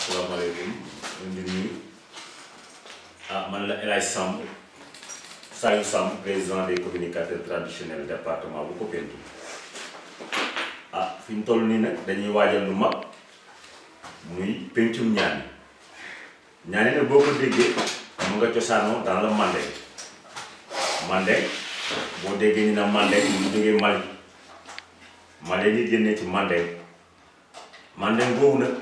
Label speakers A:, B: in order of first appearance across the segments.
A: asalaamaaleykum ñu ngi nuyu ah man la El Hadj Samb Saliou Samb président des communicateurs traditionnels département bu Koupentoum ah fi mu toll nii nag dañuy waajal lu mag muy pencum ñaani ñaani nag boo ko déggee mu nga cosaanoo dans le Mandé Mandé boobu nag.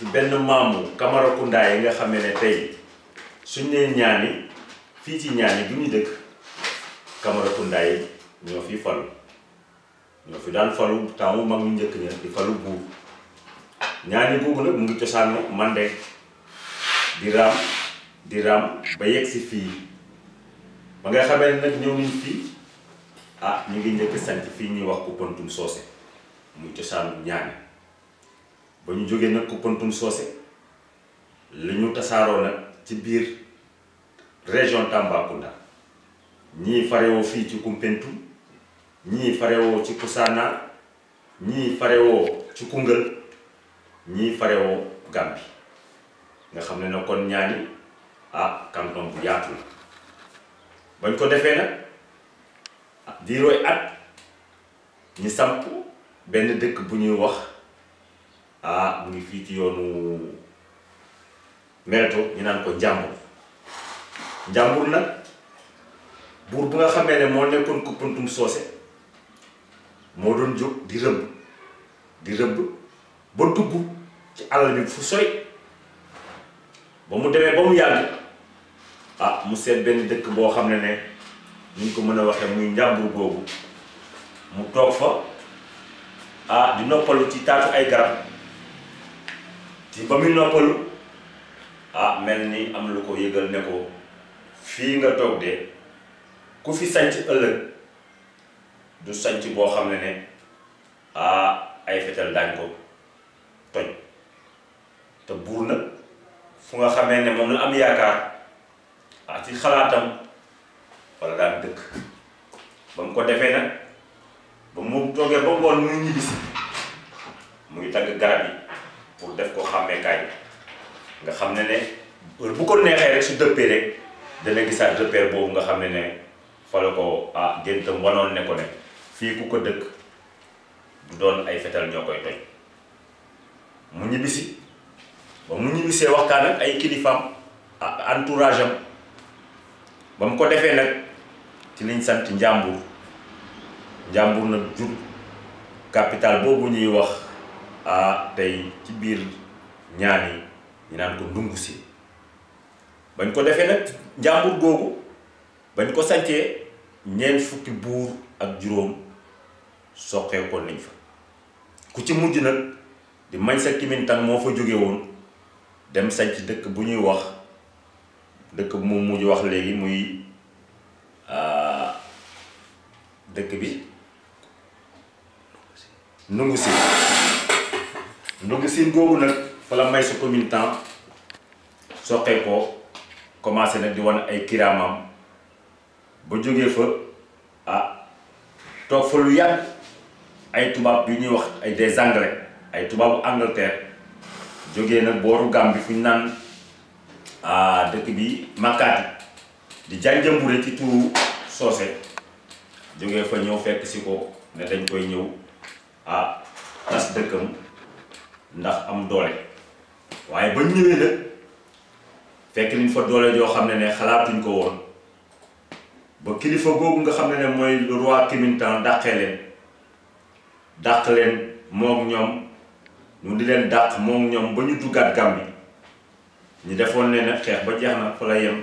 A: ci benn maamu Kamara Kounda yi nga xamee ne tey suñ nee ñaani fii ci ñaani bu ñu dëkk Kamara ñoo fi falu ñoo fi daan falu temps mag ñu di falu bu. ñaani bu nag mu ngi cosaan mande di raam di raam ba yegg si fi ba nga xamee ne nag ñëw nañ ah ñu ngi njëkk sant fii ñuy wax ko muy ñaani ba ñu jógee nag Koumpentoum Socé li ñu tasaaroo nag ci biir région Tambacounda ñii farewoo fii ci Koumpentoum ñii farewoo ci Koussanar ñii farewoo ci Koungheul ñii farewoo Gàmbi nga xam ne na kon ñaani ah canton bu yaatu la bañ ko defee nag diirooy at ñi samp benn dëkk bu ñuy wax ah mu ngi fii ci yoonu mereto ñu naan ko njàmbur njàmbur nag buur bu nga xamee ne moo nekkoon ko puntum soose moo doon jóg di rëbb di rëbb ba dugg ci àll bi fu soy ba mu demee ba mu yàgg ah mu seet benn dëkk boo xam ne ne ñu ko mën a waxee muy njàmbur boobu mu toog fa ah di noppalu ci taatu ay garab ci ba muy noppalu ah mel ni am lu ko yëgal ne ko fii nga toog de ku fi sanc ëllëg du sanc boo xam ne ne ah ay fetal daañ ko toj te buur nag fu nga xamee ne moom la am yaakaar ah ci xalaatam wala daan dëkk ba mu ko defee nag ba mu toogee ba ngoon muy ñibbisi muy tagg garab yi pour def ko xamé kay nga xamné né ne bu ko nexé rek su deppé rek dana gissat deppé bobu nga xamné né fa ko a ah, géntam wonon né ko ne fi ku ko dëkk du doon ay fétal ñokoy koy mu ñibisi ba mu ñibisé waxtaan ak ay kilifam ah, entourage am bam ko défé nak ci liñ sant njàmbur njàmbur na jup capital bobu ñuy wax ah tey ci biir ñaan yi ñu naan ko ndungu si bañ ko defee nag njàmbur googu bañ ko sancee ñeent fukki buur ak juróom soqee ko nañ fa ku ci mujj nag di mañ sa kimintan moo fa jóge woon dem sanc dëkk bu ñuy wax dëkk bu mu mujj wax léegi muy dëkk bi nungu si ndu sin googu nak fala may so commune temps soqee ko commencé nak di won ay kiramam bu joggé fa ah tok fa lu yag ay tubab bi ñuy wax ay des anglais ay tubab angleterre joggé nak boru gambi fu ñu ah dëkk bi makati di jànjambure ci tu sosé joggé fa ñëw fekk ci ko ne dañ koy ñëw ah tas dëkkum ndax am doole waaye bañ ñëwee nag fekk nañ fa doole joo xam ne ne xalaatuñ ko woon ba kilifa googu nga xam ne ne mooy le roi Kimintan dàqee leen dàq leen moom ñoom ñu di leen dàq moom ñoom ba ñu duggaat Gàmbi ñu defoon ne nag xeex ba jeex na fa la yem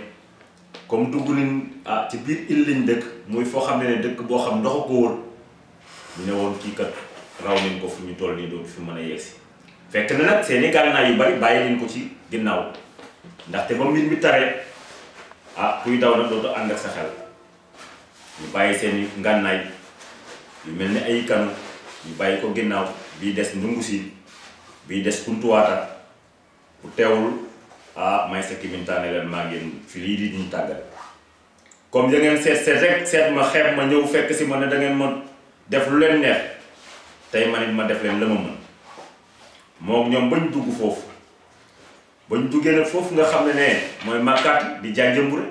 A: comme dugg nañ ah ci biir île lañ dëkk muy foo xam ne ne dëkk boo xam ndox ko wër ñu ne woon kii kat raw nañ ko fu ñu toll nii dootu fi mën a yegsi fekk na nak sénégal naa yu bari baye len ko ci ginnaaw ndaxte ba mbir mi tare ah kuy daw na dootu and ak sa xel ñu baye seeni ngannaay yu melni ay kanu yu baye ko ginnaw bi des ndungu si dess des kuntuwaata bu tewul ah may sa kimintaane len ma ngeen fi li di ñu tagal comme ya ngeen set set rek set ma xeb ma ñew fekk ci mo ne da ngeen mo def lu len neex tay manit ma def len la ma moom ñom bañ dugg fofu bañ duggé nak fofu nga xamné ne ne mooy màkkaat di jànjambure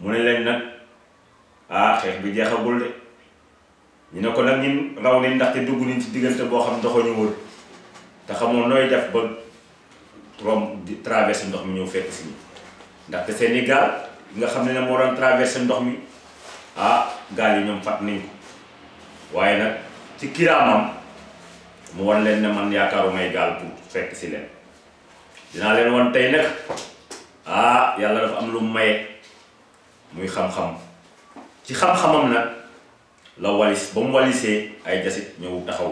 A: mu ne leen nak ah xex bi jéxagul dé ñu né ko nak ñun raw ndax té dugg nañ ci digënté bo xam ndoxoo ñu wër te xamoo noy def ba rom di traverser ndox mi ñu fekk ci ñu ndaxte seen nga xamné ne mo moo doon traversé ndox mi ah gaal yi fat fàtt nañ ko waaye ci kiramam mu wan leen ne man yaakaaru may gaal pour fekk si leen dinaa leen wan tey nag ah yàlla dafa am lu maye muy xam-xam ci xam-xamam nag la walis ba mu walisee ay jasit ñëw taxaw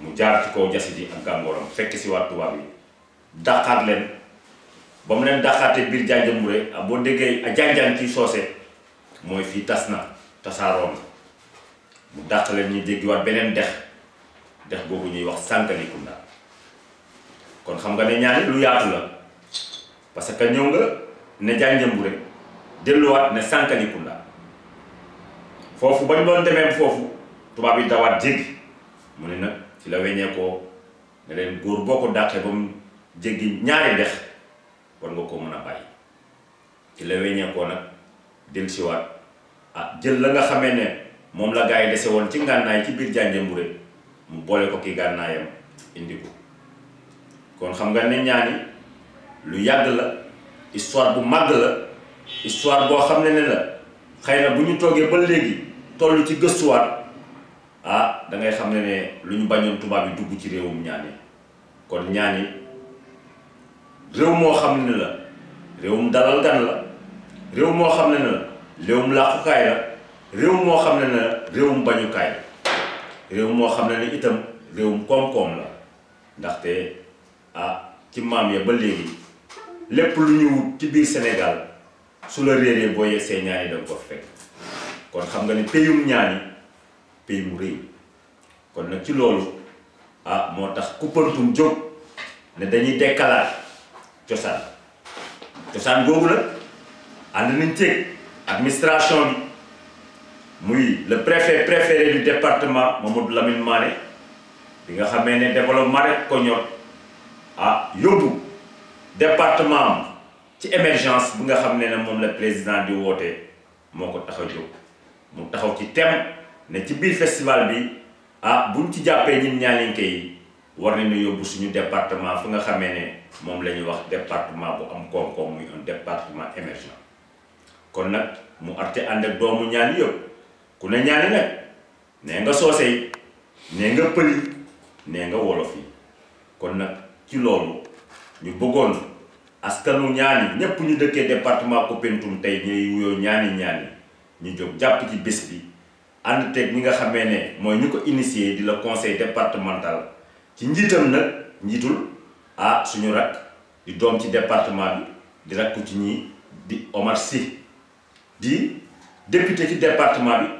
A: mu jaar ci kaw jasit yi ak gàngooram fekk si waa tubaab yi daqaat leen ba mu leen daqaatee biir Janjanburé ah, boo déggee a ah, janjan ci soose mooy fii tas na tasaaroon mu dàq leen ñu jéggiwaat beneen dex dex boobu ñuy wax Sankalikunda kon xam nga ne ñaani lu yaatu la parce que ñëw nga ne jànjëmbu rek delluwaat ne Sankalikunda foofu ba bañ doon demee foofu tubaab yi dawaat jéggi mu ne nag ci la weññee koo leen góor boo ko dàqee ba mu jéggi ñaari dex war nga ko mën a bàyyi ci la weññee koo nag dellusiwaat ah jël la nga xamee ne moom la gaa yi dese woon ci ngànnaay ci biir jànjëmbu rek mu boole ko ki gannaayam indi ko kon xam nga ne ñaani lu yàgg la histoire bu mag la histoire bo xamne ne la xeyna buñu ba tollu ci wat ah da ngay xamne ne luñu lu ñu bañoon reum yi dugg ci rewum ñaani kon ñaani rew mo xamne ne la rewum dalal gan la rew mo xamne ne rewum la réewum reum la rew mo xamne ne ne la réew moo xam ne ni itam réewum koom-koom la ndaxte ah, ci maam ya ba léegi lépp lu ñu ci biir Sénégal su la réeree boo yegsee ñaani da ko fekk kon xam nga ne peyum ñaani peyum réew kon nag ci loolu ah moo tax kuppantum jóg ne dañuy dekkalaat cosaan cosaan googu la ànd nañ ceeg administration muy le préfet préféré du département Mamadou Lamine Mané bi nga xamee ne développement rek ko ñor ah yobu département ci émergence bi nga xamné ne ne président di woté moko taxaw tax a mu taxaw ci thème né ci biir festival bi ah buñ ci jàppee ñun ñaaninke yi war nañu yobu suñu département fu nga xamee ne moom wax département bu am koom-koom muy un département émergent kon nak mu arté and ak doomu ñaan yëpp ku ne nak nag nee nga soose yi nee nga pël yi nga wolof yi kon nak ci lolu ñu bëggoon askanu ñaani ñepp ñu dëkke département Koupentoum tay ñuy wuyo ñaani ñaani ñu jóg japp ci bës bi and té ñi nga xamé né moy ñuko ko di le conseil départemental ci njitam nak njitul a suñu rak di dom ci département bi di rak ci ñi di Omar Sy di député ci département bi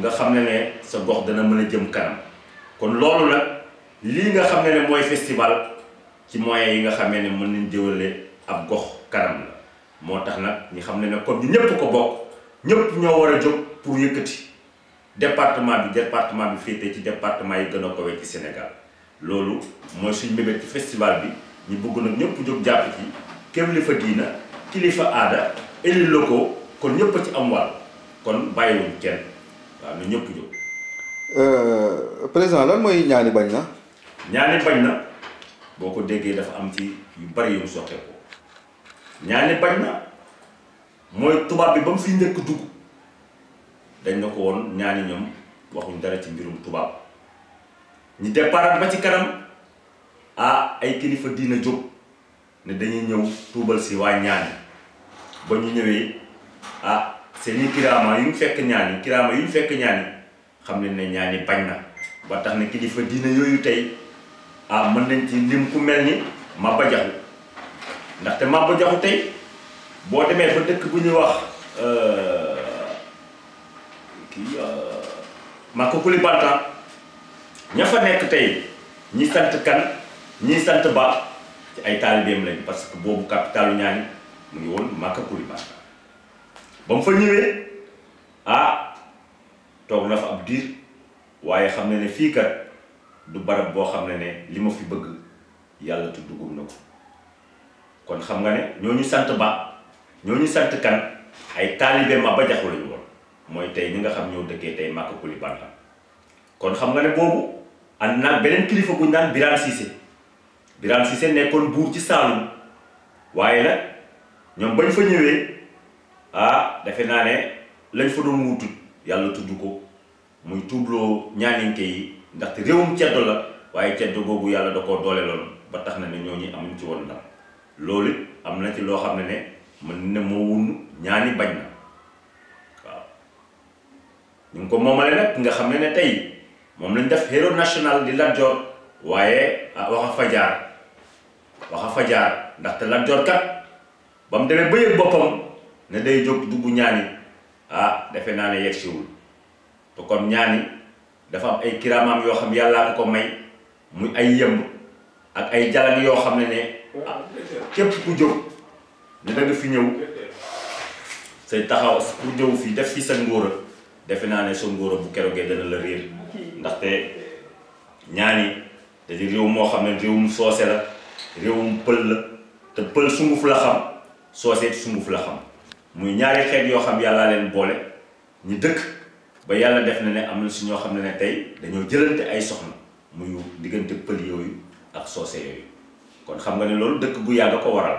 A: nga xam ne ne sa gox dana mën a jëm kanam kon loolu la lii nga xam ne ne mooy festival ci moyens yi nga xam ne mën nañ jëwale ab gox kanam la moo tax nag ñu xam ne ne kon ñu ñëpp ko bokk ñëpp ñoo war a jóg pour yëkkati département bi département bi féete ci département yi gën a kowe ci Sénégal loolu mooy suñ mbébét ci festival bi ñu bëgg nag ñëpp jóg jàpp ci kilifa diina kilifa aada élus ko kon ñëpp a ci am wàll kon bàyyiwuñ kenn waaw na ñëpp jóg. Euh, président lan mooy ñaani bañ na. ñaani bañ na boo ko déggee dafa am ci yu bari yu mu soxee ko ñaani bañ na mooy tubaab bi ba mu fiy njëkk dugg dañ ne ko woon ñaani ñoom waxuñ dara ci mbirum tubaab ñu départ ba ci kanam ah ay kilifa diina jóg ne dañuy ñëw tuubal si waa ñaani ba ñu ñëwee ah. seni kirama yu fekk ñaani kirama yu fekk ñaani xam nañ ne ñaani bañ na ba tax na kilifa diina yooyu tey ah mën nañ ci lim ku mel ni ba jaxu ndaxte ba jaxu tey boo demee fa dëkk bu ñuy wax euh, kii euh, ko kuli bantan ña fa nekk tey ñi sant kan ñi sant ba ci ay taalibeem lañ parce que boobu capitalu ñaani mu ngi woon ko kuli ba mu fa ñëwee ah toog na fa ab diir waaye xam ne ne fii kat du barab boo xam ne ne li ma fi bëgg yàlla tuddugum na ko kon xam nga ne ñooñu sant ba ñooñu sant kan ay taalibe ma ba jaxu lañu woon mooy tey ñi nga xam ñoo dëkkee tey màkk kuli banta kon xam nga ne boobu ànd naag beneen kilifa bu ñu naan Birane Cissé Birane Cissé nekkoon buur ci Saalum waaye nag ñoom bañ fa ñëwee ah defe naa ne lañ fa doon wutut yàlla tudd ko muy tuubloo ñaaninke yi ndaxte réewum ceddo la waaye ceddo boobu yàlla da koo doole lool ba tax na ne ñooñu amuñ ci woon ndam loolu am na ci loo xam ne ne mën na moo wun ñaani bañ na waaw ñu ngi ko moomale nag nga xam ne ne tey moom lañ def héros national di Lat Dior waaye ah, waxa fa jaar waxa fa jaar ndaxte Lat Dior ba mu demee ba yëg boppam ne day jóg dugg ñaani ah defe naa ne yegg siwul te kon ñaani dafa am ay kiraamam yoo xam yàlla yàllaa ko may muy ay yëmb ak ay jalan yoo xam ne ne képp ku jóg ne da fi ñëw say taxaw ku ñëw fii def fi sa ngóora defe naa ne sa ngóora bu kerogee dana la réer ndaxte ñaani dañu réew moo xam ne réewum soose la réewum pël la te pël sunguf la xam soose sunguf la xam muy ñaari xeet yoo xam yàllaa leen boole ñu dëkk ba yàlla def na ne am na si ñoo xam ne ne tey dañoo jëlante ay soxna muy diggante pël yooyu ak soose yooyu kon xam nga ne loolu dëkk bu yàgg ko waral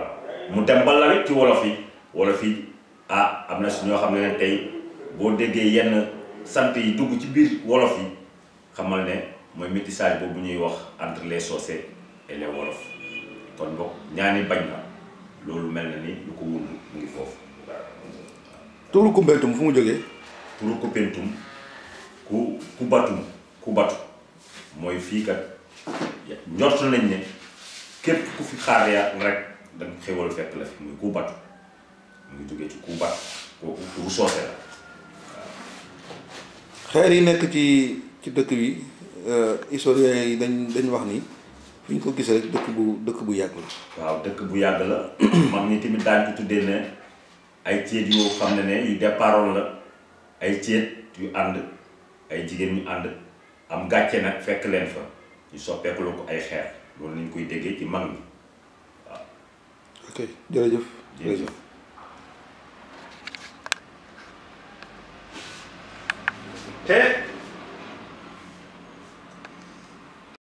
A: mu dem ba lawit ci wolof yi wolof yi ah am na su ñoo xam ne ne tey boo déggee yenn sant yi dugg ci biir wolof yi xamal ne mooy métissage boobu ñuy wax entre soose et les wolof kon boog ñaani bañ na loolu mel na ni lu ko wund mu ngi foofu tuuru Koumpentoum fu mu jógee. tuuru Koumpentoum ku ku batum ku batu mooy fii kat njort nañ ne képp ku fi xaar yaa rek da nga xéwal fekk la fi muy ku batu mu ngi jógee ci ku batu kooku tuuru soose xeer yi nekk ci ci dëkk bi euh, historiens yi dañ dañ wax ni. fi ñu ko gis rek dëkk bu dëkk bu yàgg la. waaw dëkk bu yàgg la. mag ñi tamit daañu ko tuddee ne. ay ceet yoo xam ne ne yu départoon la ay ceet yu ànd ay jigéen ñu ànd am gàcce nag fekk leen fa ñu soppeekuloo ko ay xeer loolu lañ koy déggee ci mag mi waaw. ok jërëjëf jërëjëf. te